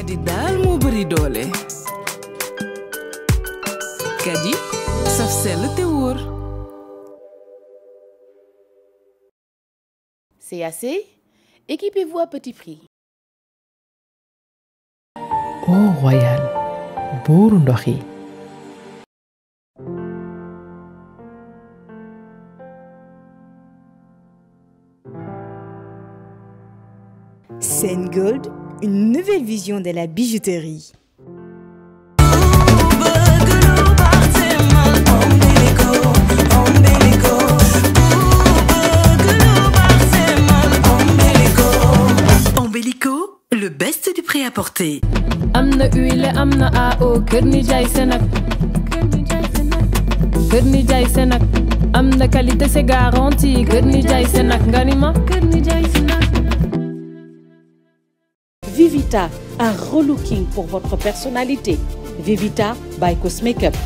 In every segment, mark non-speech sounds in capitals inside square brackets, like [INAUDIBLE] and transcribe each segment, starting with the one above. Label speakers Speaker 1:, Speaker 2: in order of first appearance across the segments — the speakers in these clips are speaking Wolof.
Speaker 1: kadi daal moo bëri doole kadi saf sell te
Speaker 2: C'est assez Équipez-vous à petit prix.
Speaker 3: Au Royal, Burundori. Saint Gold une nouvelle vision
Speaker 2: de la bijouterie.
Speaker 4: le best du prêt à
Speaker 5: porter. amna huile amna AO kër ni jaay seen ak jay senak. jaay seen ak Senak. qualité c'est garanti Kerni ni Senak. seen ak ni ma Vivita, un
Speaker 2: relooking pour votre personnalité. Vivita by Cosmakeup.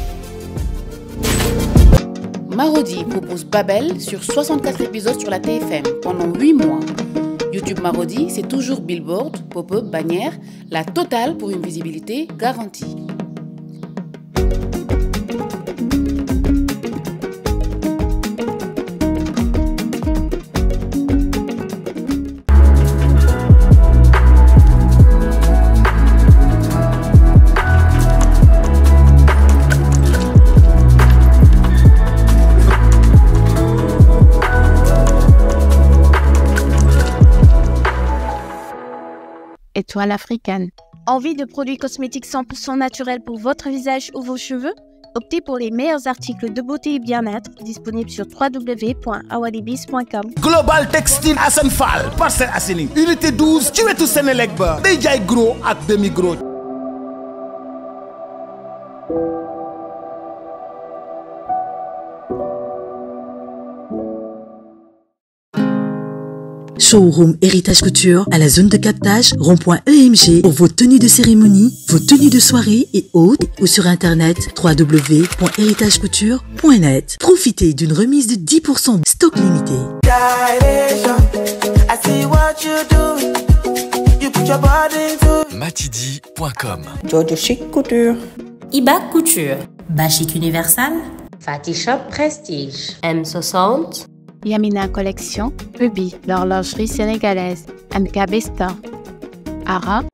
Speaker 2: Marodi propose Babel sur 64 épisodes sur la TFM pendant 8 mois. YouTube Marodi, c'est toujours billboard, pop-up, bannière, la
Speaker 6: totale pour une visibilité garantie. africaine.
Speaker 5: Envie de produits cosmétiques 100% naturels pour votre visage ou vos cheveux Optez pour les meilleurs articles de beauté et bien-être disponibles sur www.awadibis.com.
Speaker 7: Global Textile à Parcel Assening, Unité 12, tu es tout Sénélec, des gros à
Speaker 8: demi-gros.
Speaker 2: Showroom Héritage Couture à la zone de captage rond.emg pour vos tenues
Speaker 4: de cérémonie, vos tenues de soirée et autres ou sur internet www.héritagecouture.net. Profitez d'une remise de 10% stock limité.
Speaker 2: Matidi.com Jojo Chic Couture Iba Couture Bachic Universal Fatty Prestige M60 Yamina Collection,
Speaker 6: Ruby, l'horlogerie sénégalaise, MKB Store, Ara.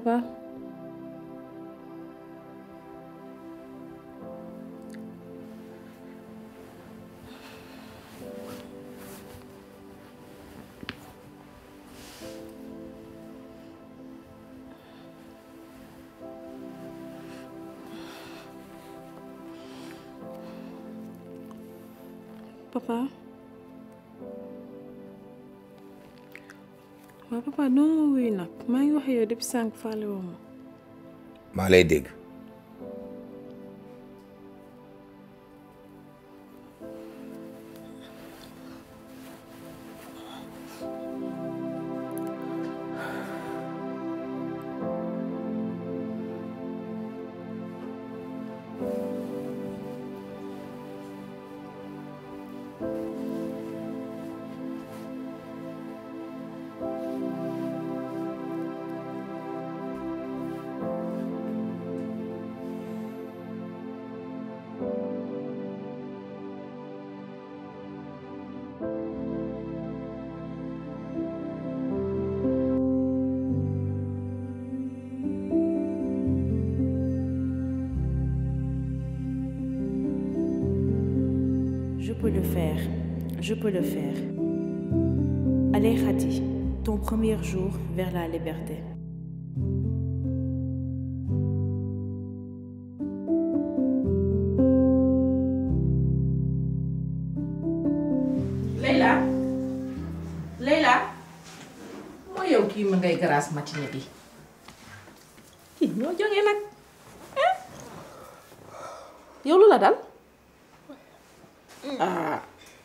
Speaker 2: p a
Speaker 5: papa doo ma wuyu nag maa ngi wax yow depuis sànq fàlle woo ma.
Speaker 7: maa lay dégg.
Speaker 2: faire, je peux le faire. Allez Aléhati, ton premier jour vers la liberté. Leila Leila moi yow kii ma ngay matinée là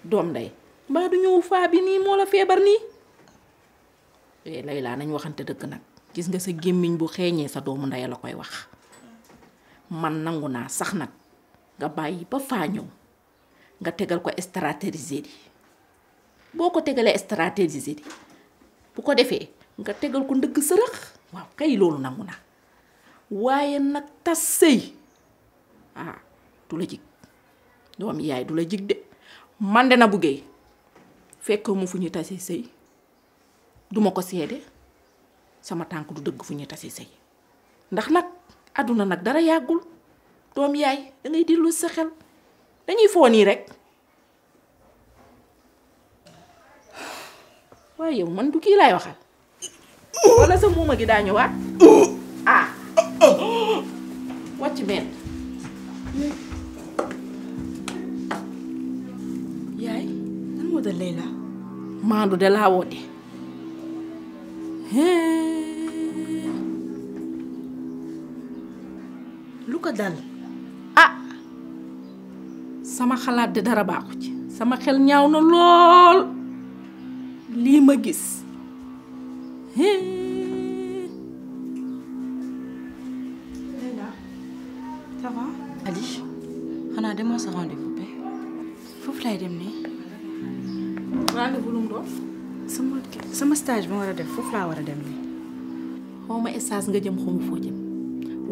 Speaker 2: doom day mbaa du ñëw faa bi nii moo la feebar nii eh nañ waxante dëgg nag gis nga sa gémmiñ bu xeeñee sa doomu ndey la koy wax man nangu naa sax nag nga bàyyi ba faa ñëw nga tegal ko stratégiser di boo ko tegalee stratégiser di bu ko defee nga tegal ko ndëgg sërëx waaw kay loolu nangu naa waaye nag tas sëy ah, du la jig doom yaay du la jig de man dana na fekk fekkoo mu fu ñu tase duma ko sédé sama tank du deug fuñu tassé sey nak, ndax nak aduna nak dara yagul dom yaay da ngay dilu sa xel dañuy foni rek waaye yow man du ki lay waxal wala sa muuma dañu wat ah de Leila maandu de laa woote lu ko dal ah sama xalaat de dara baaxu ci sama xel ñaaw na lool lii ma gis Leila ça va xanaa demoo sa stage bi ma war a def foofu laa war a dem nii. xaw ma stage nga jëm xaw foo jëm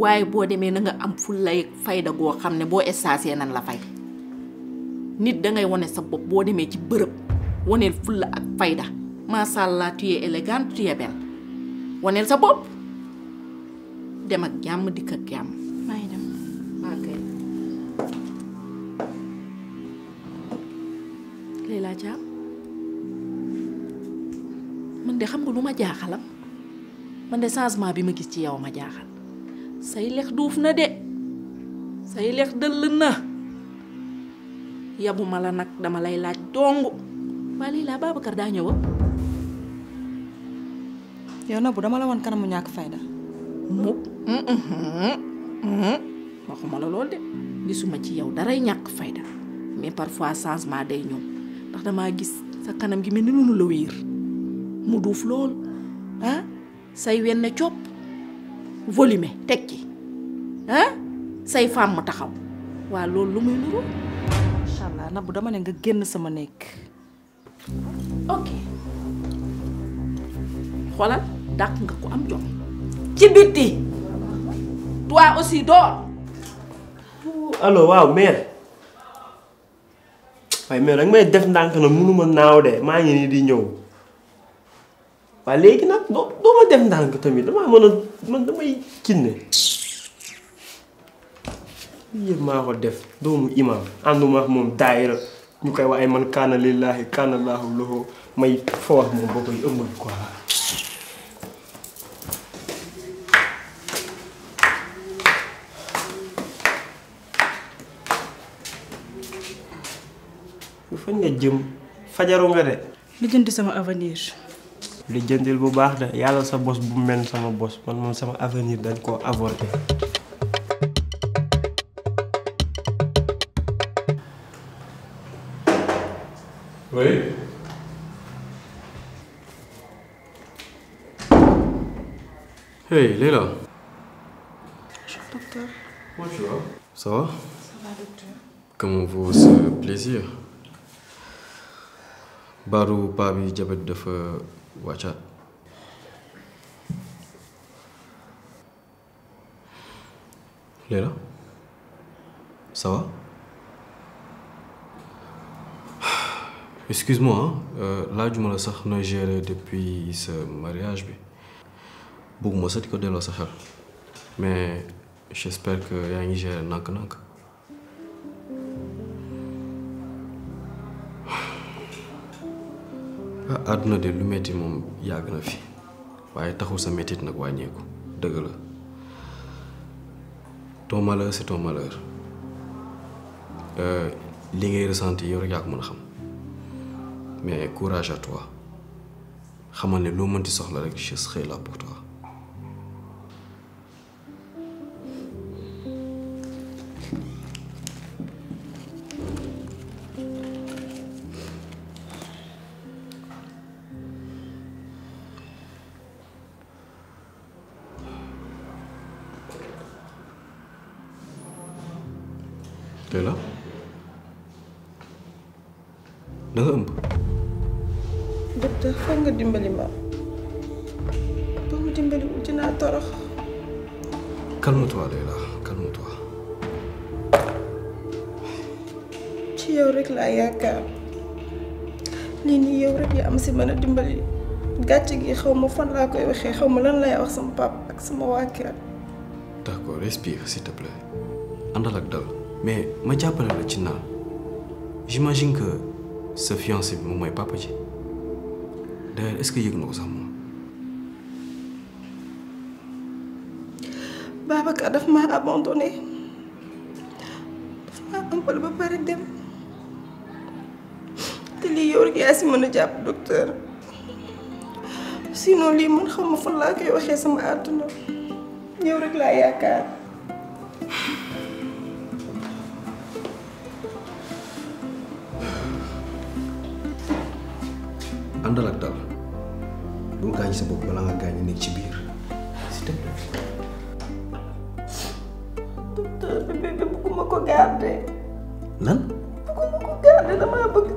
Speaker 2: waaye boo demee na nga am fulay fayda goo xam ne boo stage nan la fay nit dangay wane sa bopp boo demee ci bërëb waneel fulla ak fayda macha allah tu es élégante belle waneel sa bopp dem ak jàmm dikk ak jàmm. nga lu ma jaaxalam man de changement bi ma gis ci yow ma jaaxal say lex duuf na de say lex dëll na yabu la nag dama lay laaj dong waa lii laa Babacar
Speaker 1: daa ñëwa yow nag bu dama la woon kanamu ñàkk fayda
Speaker 2: mu mm, mm, mm, waxuma la lool de gisuma ci yow daray ñàkk fayda mais parfois changement day ñëw ndax damaa gis sa kanam gi mel ni noonu la wéer mu duuf lool say wenn copp volume teg ci ah say fàmm taxaw waa loolu lu muy nuru incha allah nabu dama ne nga génn sama nekk ok xoolal dàq nga ko am jom ci bitti toi aussi door
Speaker 9: allo waaw mère waaye mère danga may def ndànk na mënuma naaw de maa ngi nii di ñëw waaw léegi nag doo doo ma def ndànk tamit damaa mën a man damay kinne yëpp maa ko def doomu imaam ànduma ak moom daayira ñu koy wax ay man kaana lillaahi kaana may foo ak moom boo koy ëmbal nga jëm fajaru nga de.
Speaker 2: lijjanti sama avenir.
Speaker 9: li jëndil bu baax de yàlla sa bos bu mel sama bos man moom sama avenir dañ koo
Speaker 10: oui.
Speaker 3: hey Léla..! bonjour docteur. bonjour. ça va. ça va docteur. comment vous ce plaisir. barou Watch out. Il Ça va Excuse-moi, hein? euh, là je me la sax géré depuis ce mariage. Je ne sais pas si je suis mais j'espère que tu gères géré ah àdduna de lu metti moom yàgg na fi waaye taxul sa mettit nag wàññeeku dëgg la ton malheur c'est ton malheur euh, li ngay ressenti yow rek yaa ko mën a xam mais courage à toi xamal ne loo mënti soxla rek je xëy là pour
Speaker 1: laa koy waxee xaw lan lay wax sama papa ak sama waa kër.
Speaker 3: d'accord respire s'il te plaît andal ak dal mais ma jàppale la ci naan j'imagine que sa fiancé bi moy papa ji d'ailleurs est-ce que yëg na ko sax moom.
Speaker 1: daf ma abandonné daf maa ëmbal ba pare dem te li yow rek yaa japp docteur. sinon lii man xam ma fan laa koy waxee sama àdduna yow rek laa yaakaar. àndal ak dal bul ko garder. nan bëgguma ko garder damaa bëgg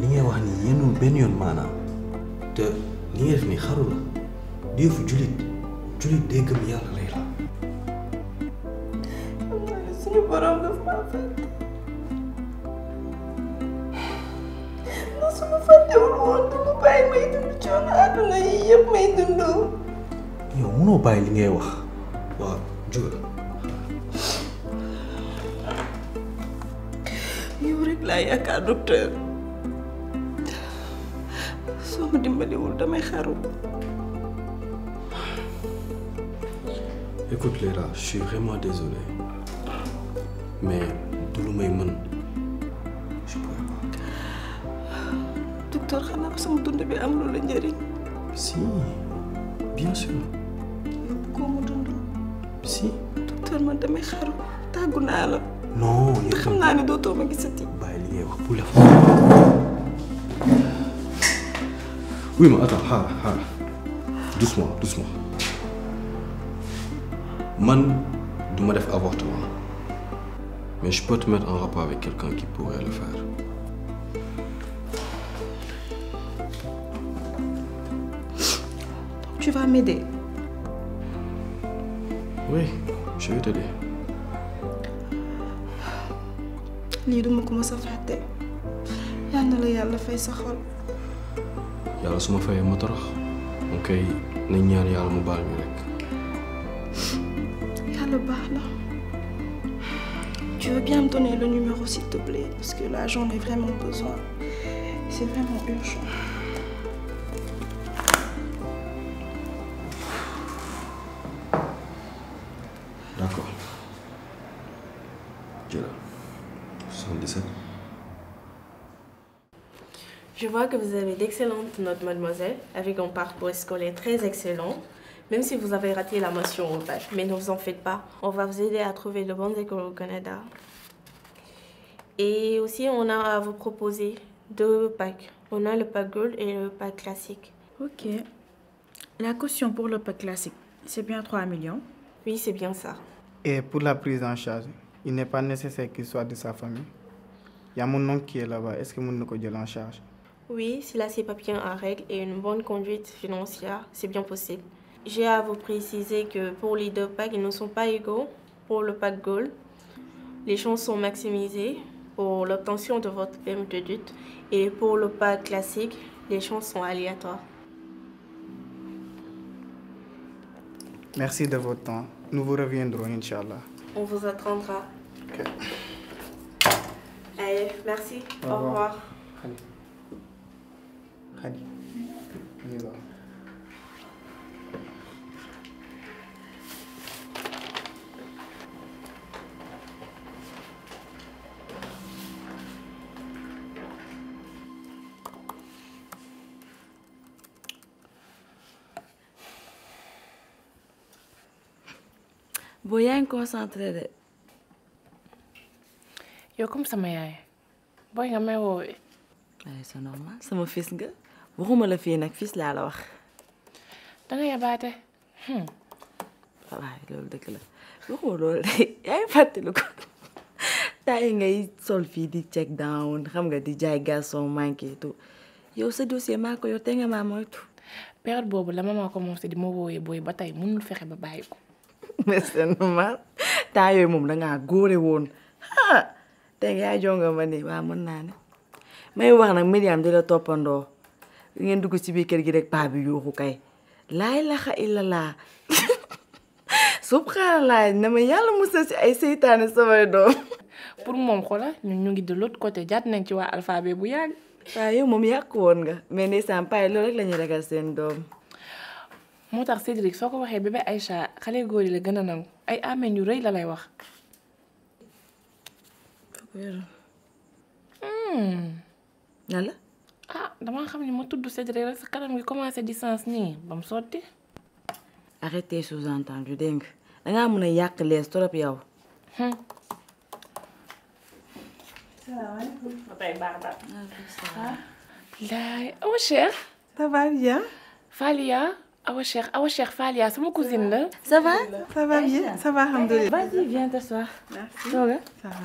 Speaker 3: li ngay wax ni yenul benn yoon maanaam te li ngay def ni xaru la déefu julit julit day gëm yàlla rey
Speaker 1: la suñu borom daf maa fàtte ndax woon du bàyyi may dund coono àdduna yi yëpp may dund
Speaker 3: yow mënoo bàyyi li ngay
Speaker 1: wax waaw jógal yow rek laa yaakaar docteur soo ma dimbaliwul damay xaru.
Speaker 3: écoute Léra je suis vraiment désolé mais du lu may mën je
Speaker 1: pourrais pas. docteur xanaa ko sama dund bi am lu la njëriñ.
Speaker 11: si
Speaker 3: bien
Speaker 1: sûr.
Speaker 11: yow bëggoo ma dund. si. docteur man damay xaru tàggu naa la.
Speaker 3: non yow xam naa ne
Speaker 11: dootoo ma gisati. bàyyi li ngay wax bu la fa.
Speaker 3: Oui, mais attends, ha ha. doucement doucement man du ma def avortement mais je peux te mettre en rapport avec quelqu'un qui pourrait le faire.
Speaker 1: Donc tu vas m'aider.
Speaker 3: Oui, je vais t'aider.
Speaker 1: je duma ko mës a fàtte yal na la sa
Speaker 3: yàlla su ma
Speaker 5: Tu veux bien me donner le
Speaker 1: numéro s'il te plaît parce que là j'en ai vraiment besoin. C'est vraiment urgent.
Speaker 5: Je vois que vous avez
Speaker 2: d'excellentes notes, mademoiselle, avec un parcours scolaire très excellent. Même si vous avez raté la mention au bac, mais ne vous en faites pas. On va vous aider à trouver le bon école au Canada. Et aussi, on a à vous proposer deux packs. On a le pack gold et le pack classique. Ok. La caution pour le pack classique, c'est bien 3 millions Oui, c'est bien ça.
Speaker 9: Et pour la prise en charge, il n'est pas nécessaire qu'il soit de sa famille. Il y a mon oncle qui est là-bas. Est-ce que mon oncle est en charge
Speaker 2: oui, si ses papiers en règle et une bonne conduite financière, c'est bien possible. J'ai à vous préciser que pour les deux packs, ils ne sont pas égaux. Pour le pack Gold, les chances sont maximisées pour l'obtention de votre PM de doute et pour le pack classique, les chances sont aléatoires.
Speaker 9: Merci de votre temps. Nous vous reviendrons, Inch'Allah.
Speaker 5: On vous attendra. Ok. Allez, merci. Au, revoir.
Speaker 9: Vou
Speaker 2: concentrar é
Speaker 6: eu como mu sana é Boyan ama o... Evet,
Speaker 2: sen normal Sana fiskı. waxuma la fii nag fii laa la wax.
Speaker 6: da nga yabaate. Hmm.
Speaker 2: waaw loolu la waxuma loolu de [LAUGHS] yaa ngi fàttali ko [LAUGHS] taa yi ngay sol fii di check down xam nga di jaay garçon manqué et tout yow sa dossier
Speaker 6: maa ko yor te nga maa moytu. période boobu la ma ma commencé di ma woowee booy ba tey mënul fexe ba bàyyi ko.
Speaker 1: [LAUGHS] mais c'est normal taa yooyu moom da ngaa góore woon ah
Speaker 2: te nga ma ne wax nag Mariam di la toppandoo. ngeen dugg ci biir kër gi rek paa bi yuuxu kay laay laxa illa laa [LAUGHS] subhanallah na ma yàlla musal ci ay seytaane samay doom [LAUGHS] pour moom
Speaker 6: xoola ñun ñu ngi de l'autre côté jaat nañ ci waa alphabet bu yàgg waaw yow moom yàq woon ga mais ndeysaan paay loolu rek la ñuy ragal seen doom moo tax Cédric soo ko waxee bébé Aïcha xale góor yi la gën a nangu ay ameen yu rëy la wax nan ah dama xam ne ma tuddu Cédric rek sa kanam gi commencé di sens nii ba mu sotti.
Speaker 2: arrêtez sous-entendu dégg da nga mën yak les lees trop yow. Hmm.
Speaker 5: alaykoum. ba tey baax baax. Ah.
Speaker 6: Lay, Awa Cheikh. ça va Falia Awa Cheikh Awa Cheikh Falia sama cousine là. ça va
Speaker 5: ça va bien ça va alhamdulilah. vas-y viens t'asseoir. merci tooga. ça va.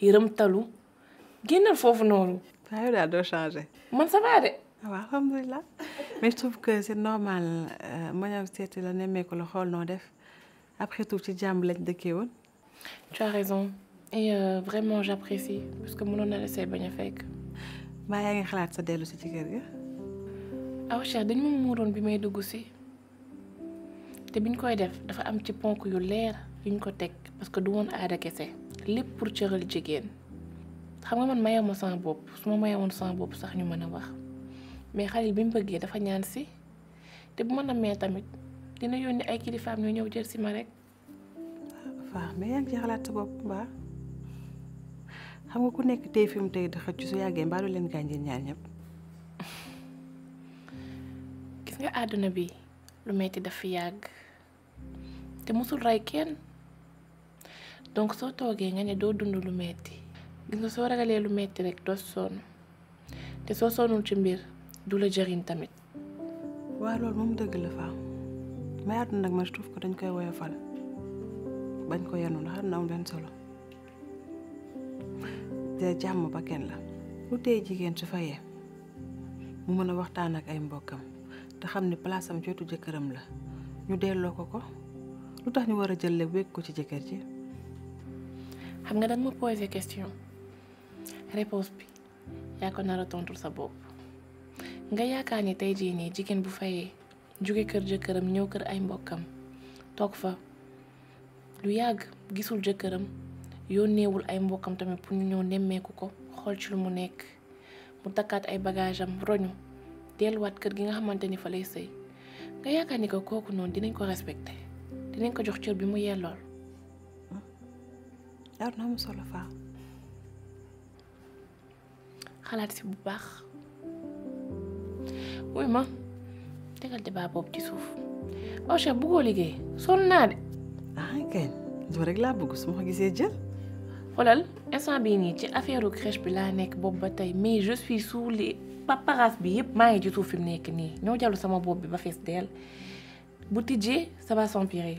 Speaker 6: yërëmtalu génnal
Speaker 5: foofu noonu. waaw yow daal doo changé. man ça va de. waaw alhamdulilah mais je trouve que c'est normal euh, ma ñëw seeti la nemmeeku lo xool noo def après tout ci jamm lañ dëkkee won tu as raison et euh, vraiment j'apprécie parce que mon na la see baña fek ma mbaa yaa ngi xalaat sa delu ci ci kër ga.
Speaker 6: aw Cheikh dañ mo muuroon bi may dugg si te biñ koy def dafa am ci ponku yu leer yuñ ko tek parce que du won aada kese. lépp pour cëral jigéen xam nga man ma sama bopp su ma mayoon sama bopp sax ñu mën a wax mais Xalil bi mu bëggee dafa ñaan si te bu mën a namee tamit dina yónni ay kilifaam ñoo ñëw jël si ma rek.
Speaker 5: waaw mais yaa ci xalaat sa bopp mbaa xam nga ku nekk tey fi mu tey di xëcc su yàggee mbaa du leen gaañ ñaar ñëpp.
Speaker 6: gis nga àdduna bi lu metti daf fi yàgg te mosul rey kenn. donc soo toogee nga ne doo dund lu metti gis nga soo ragalee lu metti rek
Speaker 5: doo sonn te soo sonnul ci mbir du la jëriñ tamit. waaw loolu moom dëgg la faa may nag man je trouve que dañ koy fal bañ ko yenu ndax àdduna am benn solo te jàmm la lu tey jigéen su fayee mu mën a waxtaan ak ay mbokkam te xam ne place am jotu jëkkëram la ñu delloo ko ko lu tax ñu war a jël wékk ko ci jëkkër ji. xam nga danga ma posé question réponse
Speaker 6: bi yaa ko nar tontul sa bopp nga yaakaar ni tey jii nii jigéen bu fayee jóge kër jëkkëram ñëw kër ay mbokkam toog fa lu yàgg gisul jëkkëram yónneewul ay mbokkam tamit pour ñu ñëw nemmeeku ko xool ci lu mu nekk mu takkaat ay bagage am roñu delluwaat kër gi nga xamante ni fa lay sëy nga yaakaar ni ko kooku noonu dinañ ko respecté dinañ ko jox cër bi mu yellool
Speaker 5: Je na am solo si bu baax
Speaker 6: Oui, ma tegal débat boobu ci suuf waaw de ah Je rek laa bëgg su ma gisee jël xoolal instant bii nii ci affaire crèche mais je suis sous les paparazzi bi yëpp maa ngi ci suuf ça va s'empirer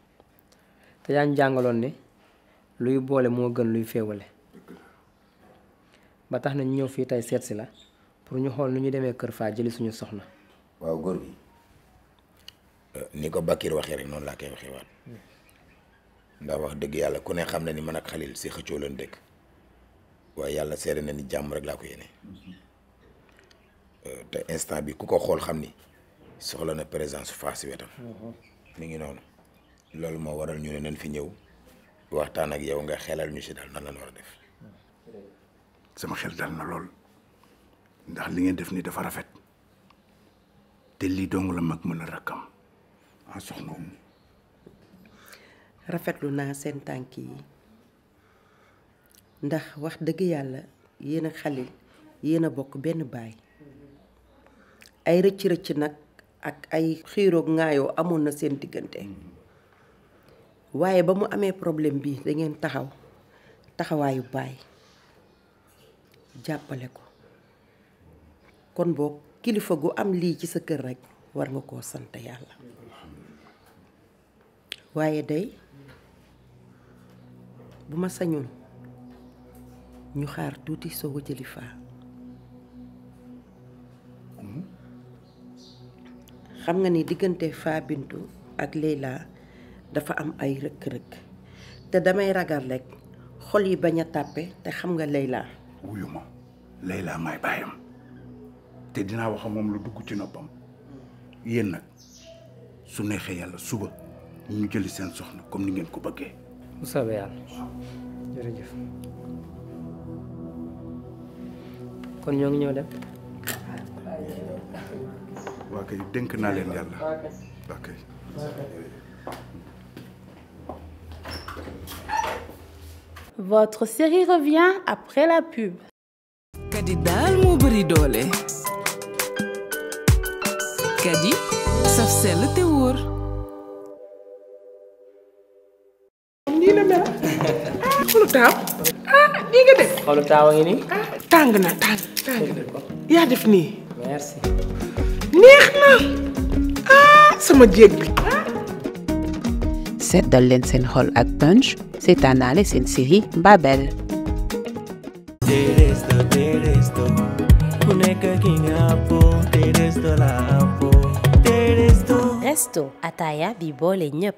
Speaker 4: te yaa ñu jàngaloon ne luy boole moo gën luy féewale ba tax na ñu ñëw fii tey seet si la pour ñu xool nu ñu demee Kër Faa jëli suñu soxna.
Speaker 7: waaw ni ko Bakir waxee rek noonu laa koy waxee waat ndax wax dëgg yàlla ku ne xam na ni man ak Xalil si xëccoo leen dëkk waaye yàlla seere na ni jàmm rek laa ko yéene te instant bi ku ko xool xam ni soxla na présence Faa si wetam. Mhm. mi ngi noonu. loolu moo waral ñu ne nañ fi ñëw waxtaan ak yow nga xelal ñu si daal nan la war def.
Speaker 12: sama xel dal na lool ndax li ngeen def ni dafa rafet te lii dong la mag mën a rakkam
Speaker 13: ah soxna rafetlu naa seen tànk yi ndax wax dëgg yàlla yéen a xalil yéen a bokk benn baay ay rëcc rëcc nag ak ay xiirook ngaayoo amoon na seen diggante. waye bamu amé problème bi da ngeen taxaw taxawayu bay jappalé ko kon bok kilifa gu am li ci sa kër rek war nga ko sante yalla waye day buma sañul ñu xaar tuuti soo ko hmm? xam nga ni digënté fa Bintu ak leila dafa am ay rëkk-rëkk te damay ragal rek xol yi bañ a tàppe te xam nga Leyla
Speaker 12: wuyu ma Leyla may bàyyam te dinaa wax moom lu dugg ci noppam yéen nag su neexee yàlla suba ñu jëli seen soxna comme li ngeen ko bëggee
Speaker 13: bu soobee yàlla jërëjëf kon ñoo ngi ñëw dem
Speaker 7: waa kay dénk
Speaker 9: naa leen yàlla
Speaker 6: Votre série revient après
Speaker 1: la pub. Kadi dal mo bëri doole. Kadi saf sell te wóor.
Speaker 11: nii la mel ah xoolu taaw ah nii nga def. xoolu taaw ah, nga ni. def ni. merci. neex na ah sama jéeg bi. 2017
Speaker 6: dal leen seen xol ak punch seetaanaale seen série Babel.
Speaker 13: resto ataaya bi boole ñëpp.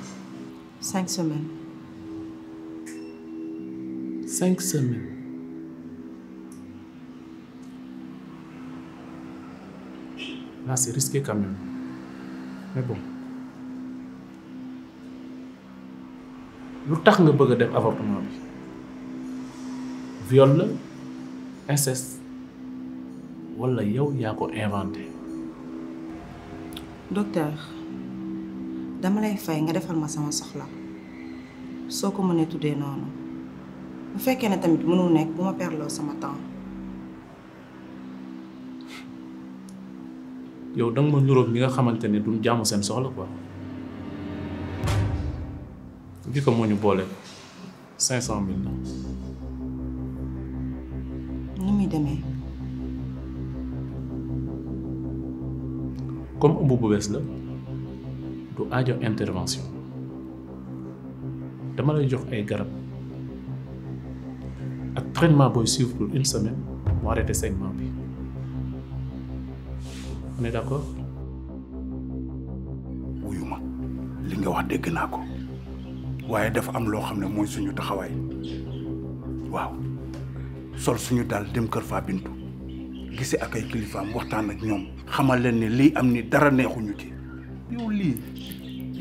Speaker 10: Cinq semaines. Cinq semaines. Là, c'est risqué quand même. Mais bon. lu tu nga bëgg l'avortement..? def avortement viol la inceste walla yow yaa ko inventé
Speaker 13: docteur dama lay fay nga defal ma sama soxla soo ko mënee tuddee noonu bu fekkee ne tamit mënul nekk bu ma perloo sama temps.
Speaker 10: yow danga ma nuróog ñi nga xamante ne duñ jàmm seen soxla quoi bi ko moo ñu boole cinq cent mille la nu muy demee comme ëmb bu bees la du aajo intervention dama lay jox ay garab ak traitement booy suivre pour une semaine mu arrêté segment bi on d'accord.
Speaker 12: wuyu ma li nga wax dégg naa ko waaye dafa am loo xam ne mooy suñu taxawaay waaw sol suñu daal dem kër Faa Bintu gisee ak ay kilifaam waxtaan ak ñoom xamal leen ne lii am ni dara neexuñu ci. yow lii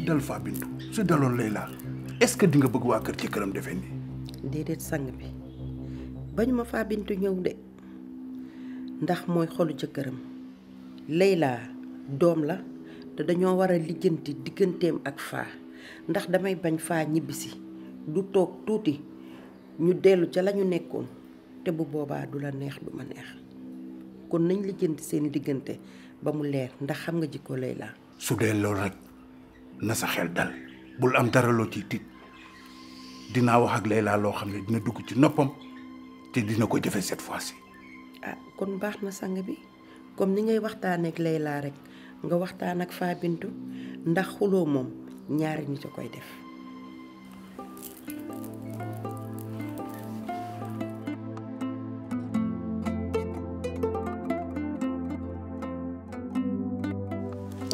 Speaker 12: dal faa bintu su daloon lay laal est-ce que di nga bëgg waa kër ci këram defee nii.
Speaker 13: déedéet sang bi bañ ma faa bintu ñëw de ndax mooy xolu jëkkëram Layla doom la te dañoo war a lijjanti digganteem ak faa ndax damay bañ faa du toog tuuti ñu dellu ca lañu nekkoon te bu boobaa du la neex du ma neex kon nañ lijjanti seen diggante ba mu leer ndax xam nga jikko
Speaker 12: su dee loolu rek na sa xel dal bul am dara loo ciy tiit dinaa wax ak Layla loo xam ne dina dugg ci noppam te dina ko jëfe cette fois-ci.
Speaker 13: ah kon baax na sang bi comme ni ngay waxtaanee ak Layla rek nga waxtaan ak Fabintu ndax xuloo moom ñaari ñu a koy def.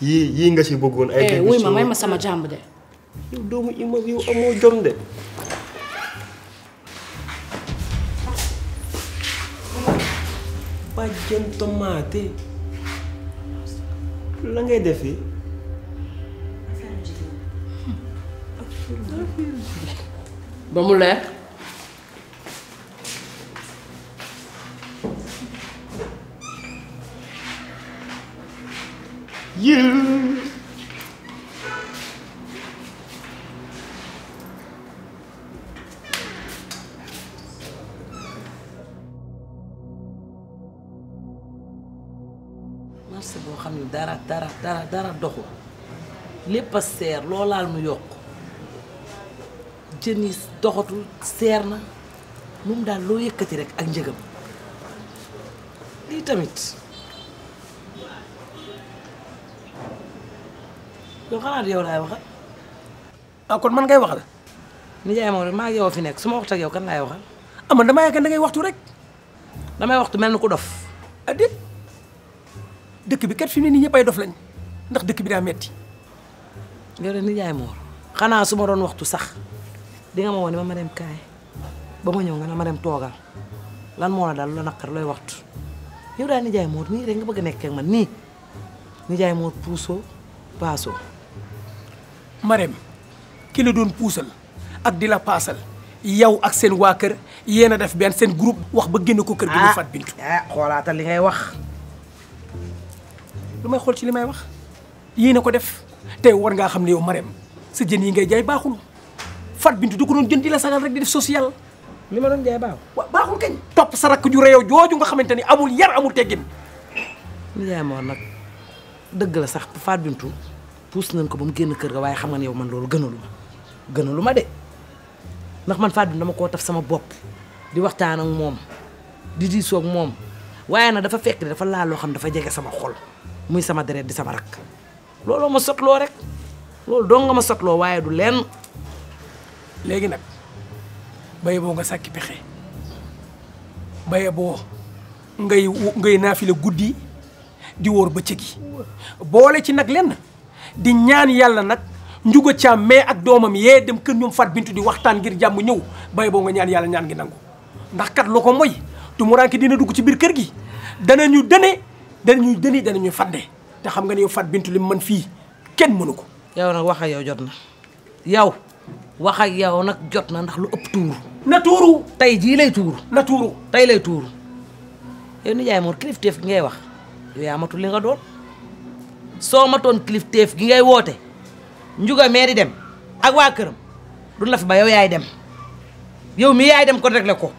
Speaker 9: yii yii nga si bëggoon ay dégg wuy ma ma
Speaker 1: sama jàmb de yow doomu immeuble yow
Speaker 9: amoo jom de bàjjen tomate la ngay ya, defee ba mu leer ya?
Speaker 8: you.
Speaker 4: marché boo dara dara dara dara lépp a seer loolaal mu yokk jën doxatul seer na moom daal loo rek ak njëgam tamit yow xanaa yow laay kan? waxal ah kon man ngay waxal nijaay Maodo maa ngi yow fi nekk su ma waxtu yow kan laay ya, waxal kan? ah man damaa yaakaar da waxtu rek damay waxtu mel ku dof. adit déet dëkk bi kat fi mu ne nii dof lañ ndax dëkk bi daa metti yow de nijaay Maodo xanaa su ma doon waxtu sax di nga ma woon ma dem kaay ba ma ñëw nga ma dem toogal lan moo la dal lu naqar looy waxtu yow daal nijaay Maodo nii rek nga bëgg nekk ak man nii
Speaker 11: Marème ki la doon puusal ak di la paasal yow ak seen waa kër yéen a def benn seen groupe wax ba génn ko kër gi ñu ah. fat bintu eh, xoolaatal li ngay wax lu may xool ci li may wax yéen a ko def te war ngaa xam ne yow Marème sa jën yi ngay jaay baaxul fat bintu du ko doon jën di la sagal rek social li ma doon jaay baaxul waaw topp sa rakk ju réew jooju nga xamante ni amul yar amul teggin
Speaker 4: li jaay moo nag dëgg la sax faat bintu pousse nañ ko bam genn génn kër ga waye xam nga ne yow man lolu gënalu gënalu ma de nak man fadu dama ko taf sama bop di waxtaan ak mom di di sok mom waye na dafa fekk dafa la lo xam dafa jégué sama xol muy sama deret di sama
Speaker 11: rak lolu ma sotloo rek lolu do nga ma sotloo waye du lenn légui nak baye bo nga sakki pexé baye bo ngay ngay naafile goudi di wor bëccëg bolé ci nak lenn di ñaan yalla nak njugo am me ak domam ye dem kër ñum fat bintu di waxtaan ngir jamm ñew bay bo nga ñaan yalla ñaan gi nangu ndax kat moy ko mu tumuranke dina dugg ci bir kër gi dana ñu dene dana ñu fadde te xam nga ni fat bintu lim man fi kenn mënu ko yow nag wax ak yaw
Speaker 4: wax ak yaw nak jotna ndax lu upp tour na touru tay ji lay tour na touru tay lay tour yow ni jaay mo kriftef ngay wax yow amatu li nga doon soo cliff teef gi ngay wote njuga meeri dem ak wa keureum dun la fi ba yow yaay dem yow mi yaay dem ko rek la ko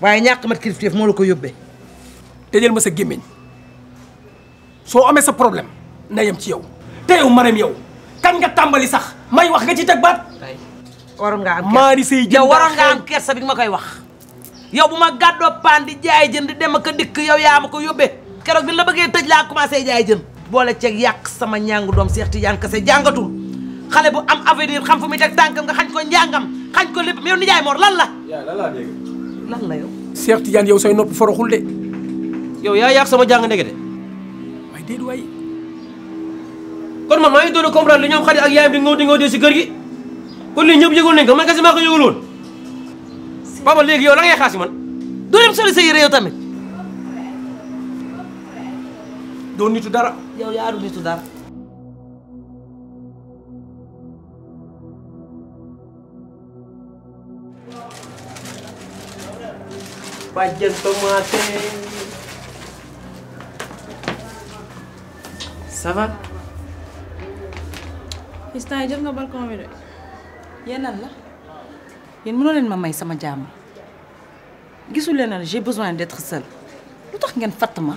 Speaker 11: waye ñak mat teef mo la ko yóbbee tëjal ma sa gemign so amé sa problème na yem ci yow te yow marem yow kan nga tambali sax may wax nga ci teg bat waroon nga am maari sey jënd yow waroon nga am kersa bi nga ma koy wax
Speaker 4: yow buma gaddo pan di jaay jënd dem ka dik yow yaama ko yobbe keroog bi la bëggee tëj laa jaay jën boole ceeg yàq sama ñàngu doom Cheikh Tidiane Kassé jàngatul bu am avenir xam fu muy teg tànkam nga xañ ko njàngam xañ ko la. yaa
Speaker 10: lan laa
Speaker 11: dégg. lan say nopp foroxul de. yow yaa sama jàng ndege de. waaye déedéet waay. kon man maa ngi doon a comprendre li ñoom xarit ak yaayam di ngoo di si kër gi kon lii ñëpp yëgul nañ ko man kese maa ko yëgul woon. papa léegi yow la ngay xaasi man. doo dem soli sa yére yow tamit.
Speaker 4: doo nitu dara. yow yaa du nitu dara.
Speaker 9: bàjjen tomate. ça va.
Speaker 5: instant yi jot nga balcon bi de. yéen la.
Speaker 1: yéen mënoo leen ma may sama jàmm. gisul leen ne j'ai besoin d'être seule. lu tax ngeen fatt ma.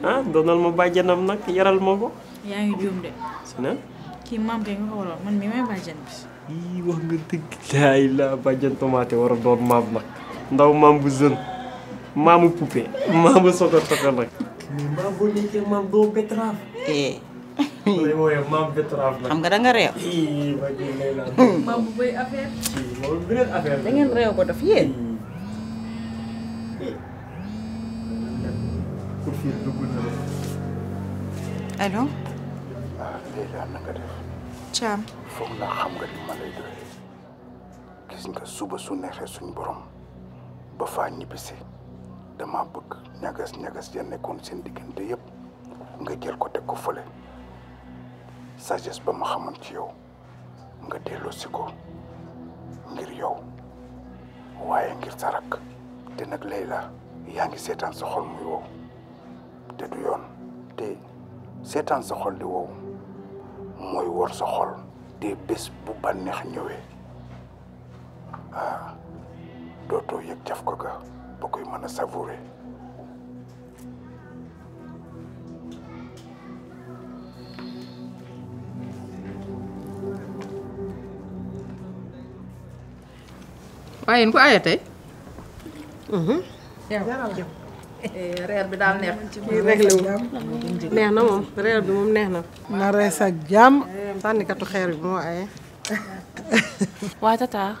Speaker 9: ah doonal ya, ma bàjjanam nak yaral ma ko.
Speaker 2: yaa ngi juum de. sina ki mam kay nga ko man mi may bàjjan bis.
Speaker 9: yi wax nga dëgg la laa bàjjan tomate wara do mam nak ndaw mam bu jeune maamu poupée maamu eh. lay woowee maam betterave nag. xam nga gara nga réew. ii ma ji lay naan. maam bu bëri affaire. ii moom beneen ko fii dugg
Speaker 13: ah, la. def. Thiam.
Speaker 12: foog naa xam nga li ma lay doyee. gis nga suba su neexee suñu borom ba faa ñibbisee dama bëgg ñagas ñagas ya nekkoon seen diggante yépp nga jël ko teg ko fële sagesse ba ma xaman ci yow nga delloo si ko ngir yow waaye ngir sarak te nag Leila yaa ngi seetaan sa xol muy wow. te du yoon te sa xol di wow moy wor sa xol te bés bu banex ñewé ah doto yek jaf ko ga ba koy mën a savourer
Speaker 14: waaye yéen ko aaya tey. Mm-hmm.
Speaker 1: Eh, reer bi daal neex. kii réglé wu na moom reer bi moom neex na. na rees ak jàmm. sànnikatu xeer bi moo aye. [LAUGHS] waa tata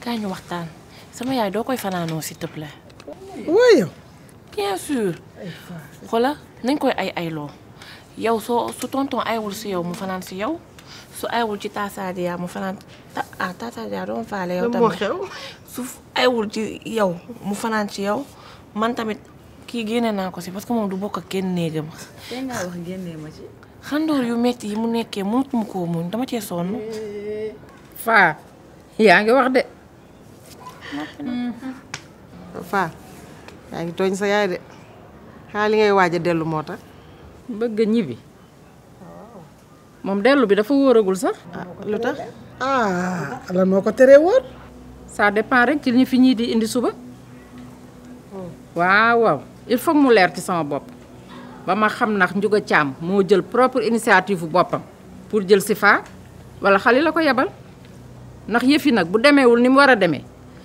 Speaker 6: kaay ñu waxtaan sama yaay doo koy fanaanoo si te plaît. waaye. bien sûr. xoola nañ koy ay ayloo yow soo su tonton aywul si yow mu fanaan si yow su aywul ci taasaadia mu fanaan ta ah taasaadia doon faale tamit su aywul ci yow mu fanaan ci yow man tamit kii génne naa ko si parce que moom du bokk ak kenn néegam. tey wax génne ma ci. xandoor
Speaker 14: yu metti yi mu nekkee mënut mu koo muñ dama cee sonn. Eh, Faa yaa
Speaker 1: ngi wax de.
Speaker 10: Mm-hmm.
Speaker 1: Faa yaa ngi tooñ sa yaay de xaa li ngay waaj a dellu moo tax. mbëgg a ñibbi. moom dellu bi dafa wóoragul sax. Ah, lu tax. ah noo ko teree
Speaker 14: wóor. ça dépend rek ci ñi fi ñii di indi suba. Oh. waaw il faut mu leer ci sama bopp ba ma xam ndax Ndiouga Thiam moo jël propre initiative bu boppam pour jël si faa wala xali la ko yebal ndax yëf yi nag bu demeewul ni mu war a demee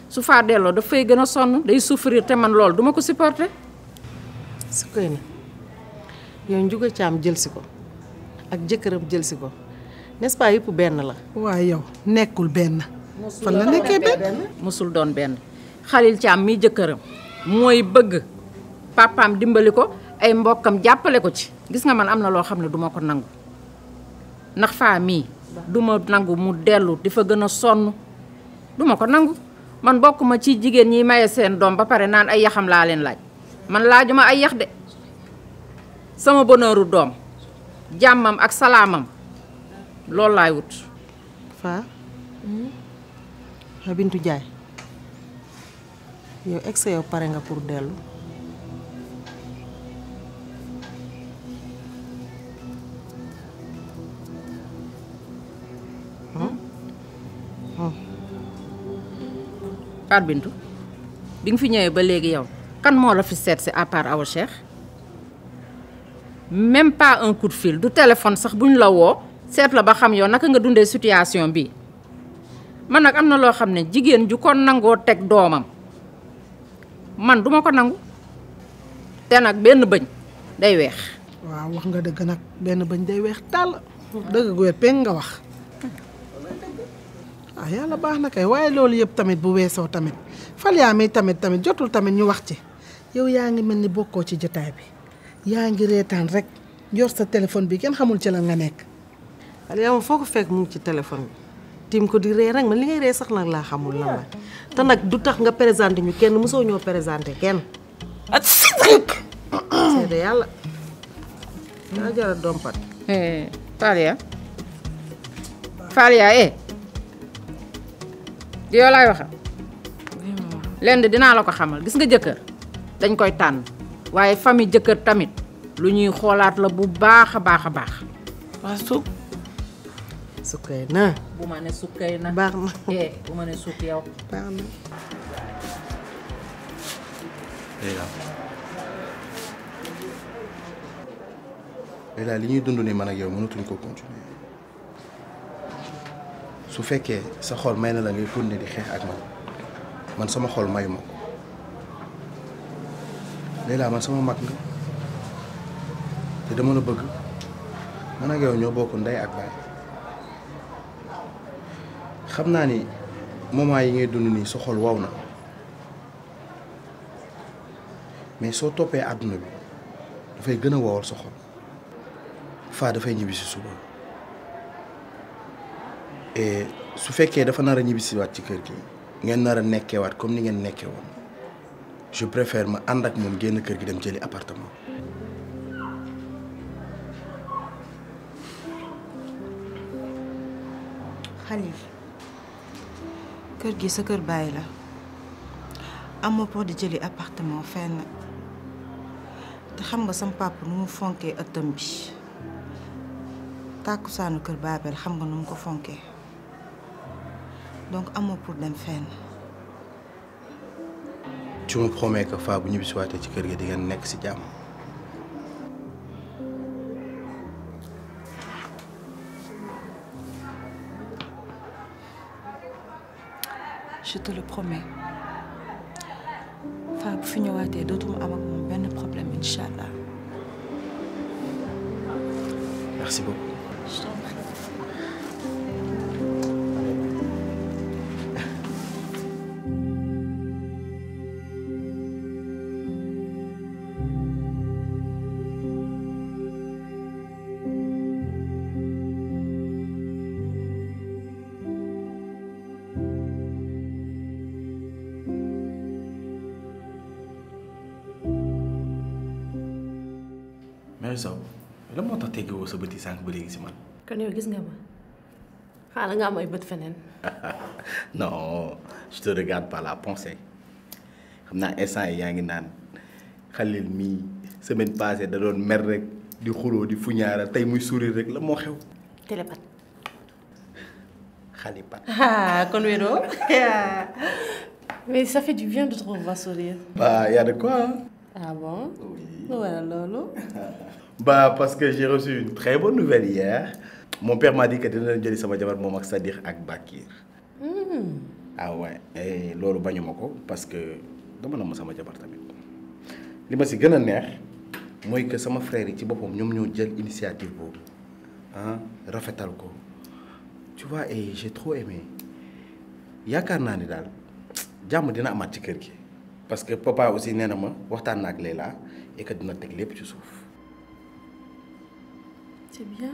Speaker 14: su faa delloo dafay gën a sonn day souffrir te man loolu duma ko supporter.
Speaker 1: su koy ne yow Ndiouga Thiam jël si ko ak jëkkëram jël si ko n'est-ce benn la. waaye yow nekkul benn.
Speaker 9: fan la nekkee benn
Speaker 1: mosul doon benn xalil Thiam mi jëkkëram mooy bëgg.
Speaker 14: papam dimbali ko ay mbokam jappale ko ci gis nga man amna na xamne duma ne ko nangu nak fami duma du nangu mu delu difa gëna sonu duma ko nangu man bokuma ci jigen ñi maye sen dom ba pare naan ay yaxam la len laaj man laajuma ay yax de sama bonheuru dom jamam, ak
Speaker 1: salamam lol lay wut fa habintu jaay yow ex yow pare nga pour delu
Speaker 14: Fatou Bintou bi nga fi ñëwee ba léegi yow kan moo la fi seet si à part Awa Cheikh même pas un coup de du téléphone sax bu ñu la woo seet la ba xam yow naka nga dundee situation bi man nag am na loo xam ne jigéen ju ko nangoo teg doomam man duma ko nangu te nag benn bëñ day weex.
Speaker 1: waaw wax nga dëgg nag benn bëñ day weex tàll. dëgg gu wér peng nga wax. ah yàlla bax na kay way lolou yeb tamit bu weesoo tamit ya mi tamit tamit jotul tamit ñu wax ci yow yaangi melni bokko ci jotaay bi yaangi retane rek yor sa telephone bi ken xamul ci la nga nek Falyaa moom foko fek mu ci telephone tim ko di re rek man li ngay re sax nak la xamul la la ta nak du tax nga présenter ñu kenn mosoo ñoo présenter kenn. at si rek. da jara dompat eh
Speaker 14: fal dompat. fal ya eh. di yow laay waxal lenn dinaa la ko xamal gis nga jëkkër dañ koy tànn waaye famille jëkkër tamit lu ñuy xoolaat la bu baax a baax a baax. waaw su sukkay na. bu ma ne sukkay na baax eh, ma
Speaker 7: ne li ñuy dund ni man yow mënatuñ ko su fekkee sa xol may na la ngay continuer di xeex ak man man sama xol mayu ma ko man sama mag nga te dama la bëgg man ak yow ñoo bokk ndey ak baay xam naa ni moment yi ngay dund nii sa xol wow na mais soo toppee àdduna bi dafay gën a wowal sa xol faa dafay ñibbi si suba. Eh, su fekkee dafa nar a ñibbisiwaat ci kër gi ngeen nar a nekkeewaat comme ni ngeen nekkee woon je préfère ma ànd ak moom génn kër gi dem jëli appartement.
Speaker 13: Khalil kër gi sa kër bàyyi la amoo pour di jëli appartement fenn te xam nga sam papa nu mu fonkee ëttam bi tàkkusaanu kër Baabel xam nga nu mu ko fonkee. donc amoo pour dem fenn.
Speaker 7: tu me promets que fa bu ñu bisiwaatee ci kër gi di ngeen ci jàmm.
Speaker 1: je te le promets fa bu fi ñëwaatee dootuma am ak moom ben problème inshallah merci beaucoup.
Speaker 2: kon gis nga ma xaaral nga am ay fenen.
Speaker 7: [LAUGHS] non je te regarde par la pensée Xamna naa instant yi yaa ngi Khalil mi, semaine passée da doon mer rek di xuloo di fuñaara tay muy sourire rek la mo
Speaker 9: xew. télépat. Khalipat. [LAUGHS] ah kon wéeroo
Speaker 2: [LAUGHS] mais ça fait du bien de te revoir sourire. bah il y a de quoi. Hein? ah
Speaker 5: bon. oui lu waral Lolo?
Speaker 7: bah parce que j'ai reçu une très bonne nouvelle hier mon père m'a dit que dina leen jëli sama jabar moom ak Sadikh ak Bakir.
Speaker 5: Hmm.
Speaker 7: ah ouais eh, loolu bañu ma ko parce que dama na ma sama jabar tamit li ma si gën a neex mooy que sama frère yi ci boppam ñoom ñoo jël initiative boobu ah rafetal ko tu vois et j'ai trop aimé yaakaar naa ni daal jàmm dina amaat ci kër gi. parce que papa aussi nee na ma waxtaan na ak et que dina teg lépp ci suuf.
Speaker 5: c'est bien.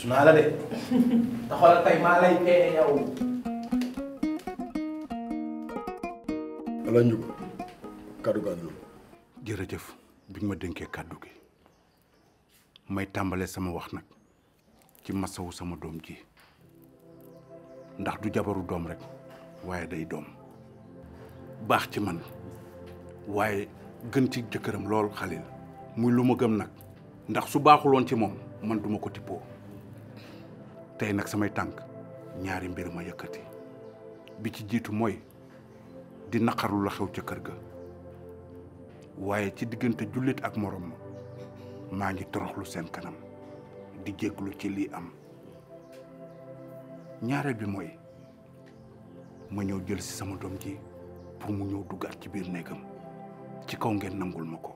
Speaker 8: tunala de
Speaker 7: te xoolal tey maa lay peene yow.
Speaker 8: Ya ala ñu kaddu gaa ngi jërëjëf
Speaker 12: bi ma denké kaddu gi may tambalé sama wax nak ci masawu sama dom ji ndax du jabaru dom rek waye day dom bax ci man waye gën ci jëkkëram lool Xalil muy luma gëm nak ndax su won ci mom man duma ko tippoo tey nag samay tànk ñaari mbir ma yëkkati bi ci jiitu mooy di naqarlu la xew ca kër ga waaye ci diggante jullit ak moroom ma maa ngi toroxlu seen kanam di jéglu ci lii am ñaareel bi mooy ma ñëw jël si sama doom ji pour mu ñëw duggaat ci biir néegam ci kaw ngeen nangul ma ko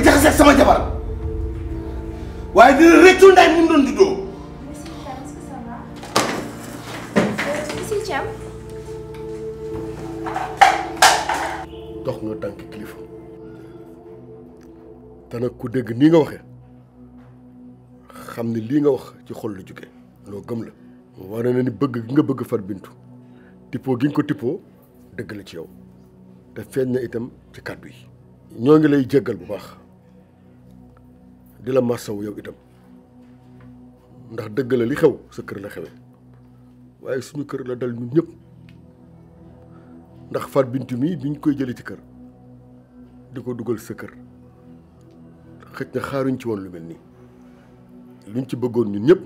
Speaker 7: koy
Speaker 8: dox nga tànk kilifa te nag ku dégg nii nga waxe xam ne lii nga wax ci xol la jóge loo gëm la. wane na ni bëgg gi nga bëgg Fat bintu tippoo gi nga ko tippoo dëgg la ci yow te feeñ na itam ci kàddu yi. ñoo ngi lay jéggal bu baax. di la marsawu yow itam ndax dëgg la li xew sa kër la xewee waaye suñu kër la dal ñun ñëpp ndax Fat Bintou mii bi ñu koy jëlee ci kër di ko dugal sa kër xëj na xaaruñ ci woon lu mel nii luñ ci bëggoon ñun ñëpp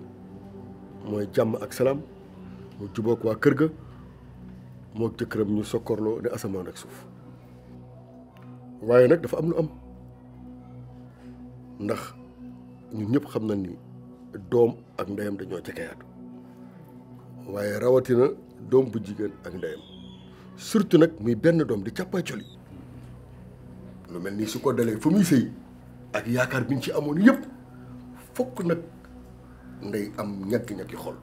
Speaker 8: mooy jàmm ak salaam mu jubóog waa kër ga moo jëkkëram ñu sokkorloo ne asamaan ak suuf waaye nag dafa am lu am ndax ñun ñëpp xam nañ ni doom ak ndeyam dañoo jegeyaatu waaye rawatina doom bu jigéen ak ndeyam surtout nag muy benn doom di càppaa coli lu mel ni su ko dalee fa muy sëy ak yaakaar biñ ci amoon yëpp fokk nag ndey am ñàkk-ñàkki xol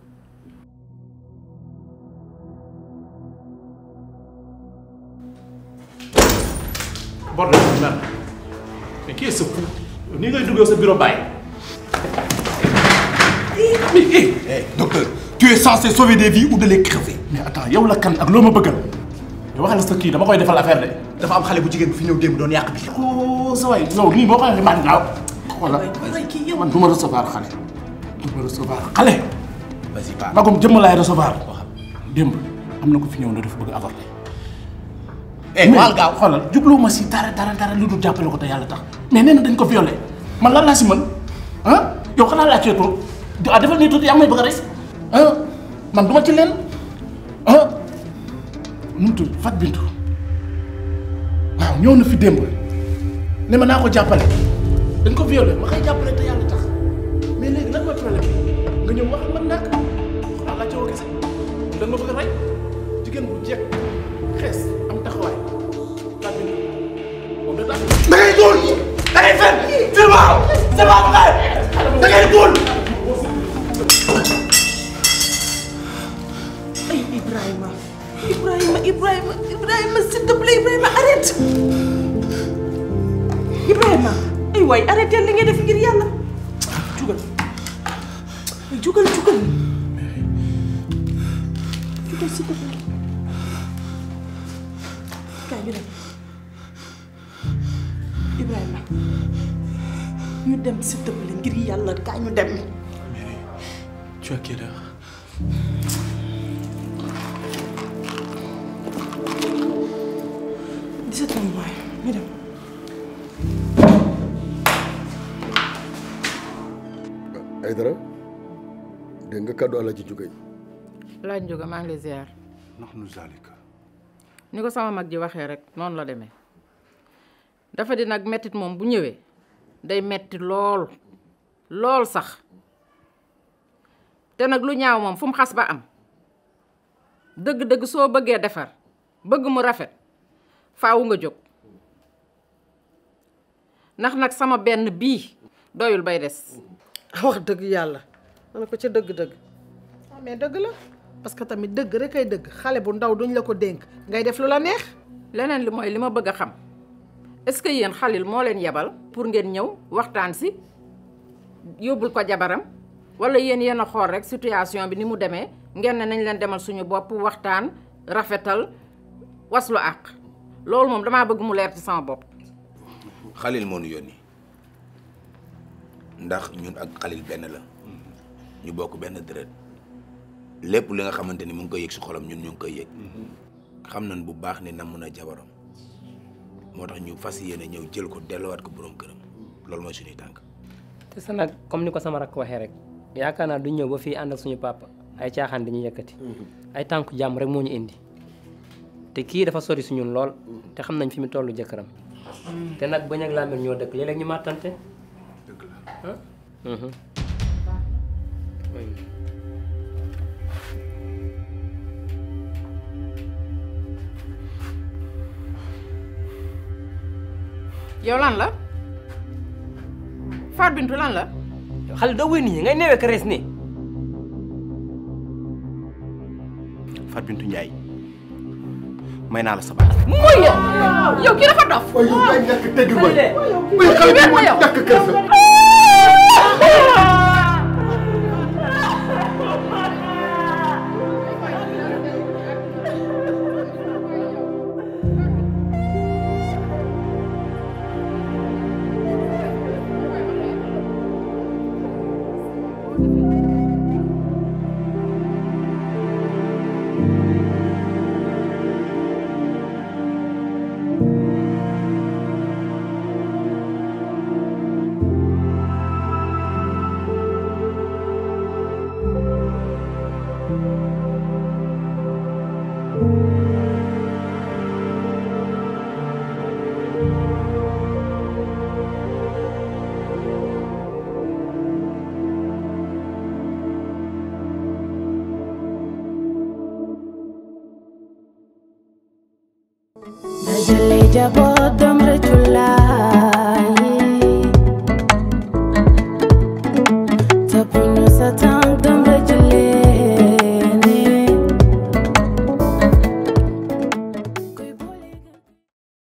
Speaker 10: mais qui est ce fou ni ngay duggee sa bureau baye Mais hé,
Speaker 11: hé, docteur, tu es censé sauver des vies ou de les crever. mais attends yow la kan ak loo ma bëggal. yow waxal sa ki, dama koy defal affaire de. dafa am xalé bu jigéen fi ñew dem doon yàq bi.
Speaker 10: oh sa way. Non, ni boo xoolee
Speaker 11: li maan naaw. voilà man du ma recevoir xale. du ma recevoir xale.
Speaker 7: vas-y paa magum jëmm laay recevoir.
Speaker 11: démb am na ko fi ñew na dafa bëgg avorter. eh waal gaaw xoolal jubluwuma si dara dara dara lu dul jàppale ko ta yalla tax mais nee na dañ ko violer. man lan laa si mën ah yow ci laajteetoo. ah defal nii tuuti yaa may bëgg a res ah man duma ci leen ah nu mu Fat Bintu waaw ñëw nu fi démb ne ma naa ko jàppale
Speaker 10: dañ ko violé ma
Speaker 11: koy jàppale te yàlla tax mais léegi lan mooy problème nga ñëw wax man nag ah, nga bëgg a rey jigéen bu jekk xees am taxawaay Fat Bintu moom da tax da fen c'est bon c'est
Speaker 1: Ibrahima Ibrahima s'il te plaît Ibrahima arrête Ibrahima ay
Speaker 11: waay arrête li ngay def ngir yàlla jugal jugal jugal jugal s'il te plaît kaay ñu dem Ibrahima ñu dem s'il te plaît ngir yàlla kaay ñu dem. Mary
Speaker 3: tu as quelle heure
Speaker 8: ay dara nga kaddu Allah ci jóge yi
Speaker 14: laaj ma ngi ziar
Speaker 8: nahnu zalika
Speaker 14: niko sama mag ji waxe rek non la dafa di nag metti mom bu ñewé day metti lool lool sax té nak lu ñaaw mom fum xass ba am deug deug so bëggé défar bëgg mu rafet faawu nga sama
Speaker 1: benn bi doyul bay -hmm. [LAUGHS] wax deug yalla ma ko ci deug deug ah mais dëgg la parce que tamit deug rek ay deug xalé bu ndaw duñ la ko denk ngay def lula
Speaker 14: neex. lenen li moy lima bëgg xam est-ce que yeen xalil mo len yabal pour ngeen ñew waxtaan ci yobul ko jabaram wala yeen yéen xor rek situation bi ni mu démé ngeen ne nañ len demal suñu bop waxtaan rafetal waslu ak. lool mom dama bëgg mu leer ci sama bop
Speaker 7: xalil mo ñu yoni ndax ñun ak khalil ben la ñu bokk ben dërët lépp li nga xamanteni mu ngi koy yëg ci xolam ñun ñu ngi koy yëg xam nañ bu baax ni namm na jabaram moo ñu fasiyene ñew jël ko delloowaat ko borom kërëm lool moy suñu tank
Speaker 4: té sa nak comme niko sama rak waxé rek yaakaar du ñew ba fi and ak suñu papa ay tiaxan dañu yëkëti ay tanku jam rek moñu indi te ki dafa sori suñu lool té xam nañ fi mi tollu jëkëram te nak bañ ak ñoo dëkk ñu matanté
Speaker 14: yow lan la
Speaker 11: Fatou Bintou lan la. xale doo wéy ñi ngay neewee ka rees nii.
Speaker 7: Fatou Bintou Ndiaye may naa la sa baat.
Speaker 11: mooy yow yow kii dafa dof. waaw yow kay ñàkk tegg mooy. mooy xale bi mooy ñàkk
Speaker 8: kër sa.